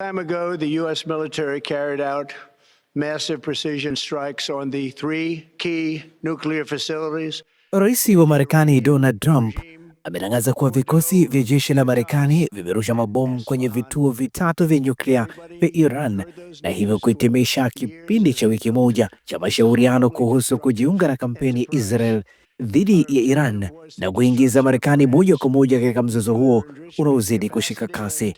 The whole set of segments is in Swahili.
time ago, the U.S. military carried out massive precision strikes on the three key nuclear facilities. Rais wa Marekani Donald Trump ametangaza kuwa vikosi vya jeshi la Marekani vimerusha mabomu kwenye vituo vitatu vya nyuklia vya Iran na hivyo kuhitimisha kipindi cha wiki moja cha mashauriano kuhusu kujiunga na kampeni ya Israel dhidi ya Iran na kuingiza Marekani moja kwa moja katika mzozo huo unaozidi kushika kasi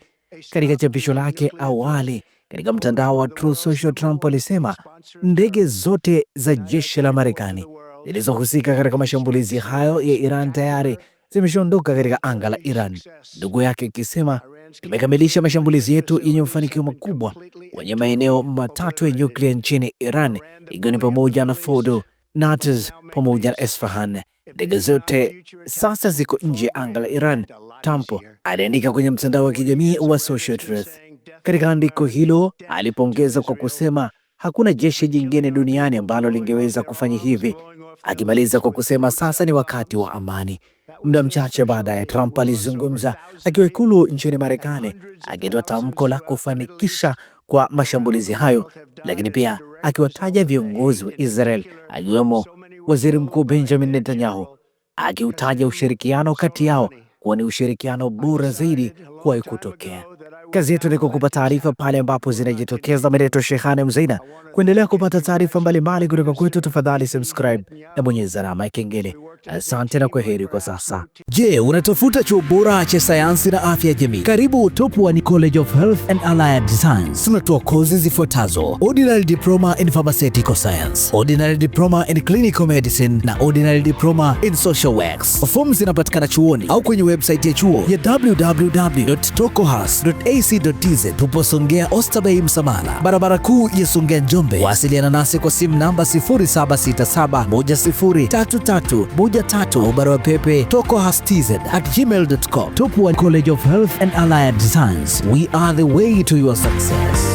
katika chapisho lake awali katika mtandao wa Truth Social, Trump alisema ndege zote za jeshi la Marekani zilizohusika katika mashambulizi hayo ya Iran tayari zimeshaondoka katika anga la Iran, ndugu yake ikisema tumekamilisha mashambulizi yetu yenye mafanikio makubwa kwenye maeneo matatu ya nyuklia nchini Iran, ikiwa ni pamoja na Fordo, Natas pamoja na Esfahan. Ndege zote sasa ziko nje ya anga la Iran, Tampo aliandika kwenye mtandao wa kijamii wa Social Truth. Katika andiko hilo alipongeza kwa kusema hakuna jeshi jingine duniani ambalo lingeweza kufanya hivi, akimaliza kwa kusema sasa ni wakati wa amani. Muda mchache baadaye, Trump alizungumza akiwa ikulu nchini Marekani, akitoa tamko la kufanikisha kwa mashambulizi hayo, lakini pia akiwataja viongozi wa Israel akiwemo Waziri Mkuu Benjamin Netanyahu akiutaja ushirikiano kati yao kuwa ni ushirikiano bora zaidi kuwahi kutokea. Kazi yetu ni kukupa taarifa pale ambapo zinajitokeza. Meneto Shehane mzeina Kuendelea kupata taarifa mbalimbali kutoka kwetu, tafadhali subscribe na bonyeza alama ya kengele. Asante na kwa heri kwa sasa. Je, unatafuta chuo bora cha sayansi na afya ya jamii? Karibu top One College of Health and Allied Science. Tunatoa kozi zifuatazo: ordinary diploma in pharmaceutical science, ordinary diploma in clinical medicine na ordinary diploma in social works. Fomu zinapatikana chuoni au kwenye website ya chuo ya www.tokohas.ac.tz. Tupo Songea Oysterbay Msamala, barabara kuu ya Songea Njombe. Wasiliana nasi kwa simu namba 0767103333 moja tatu, barua pepe tokohastz at gmail.com. Tupwa College of Health and Allied Science, we are the way to your success.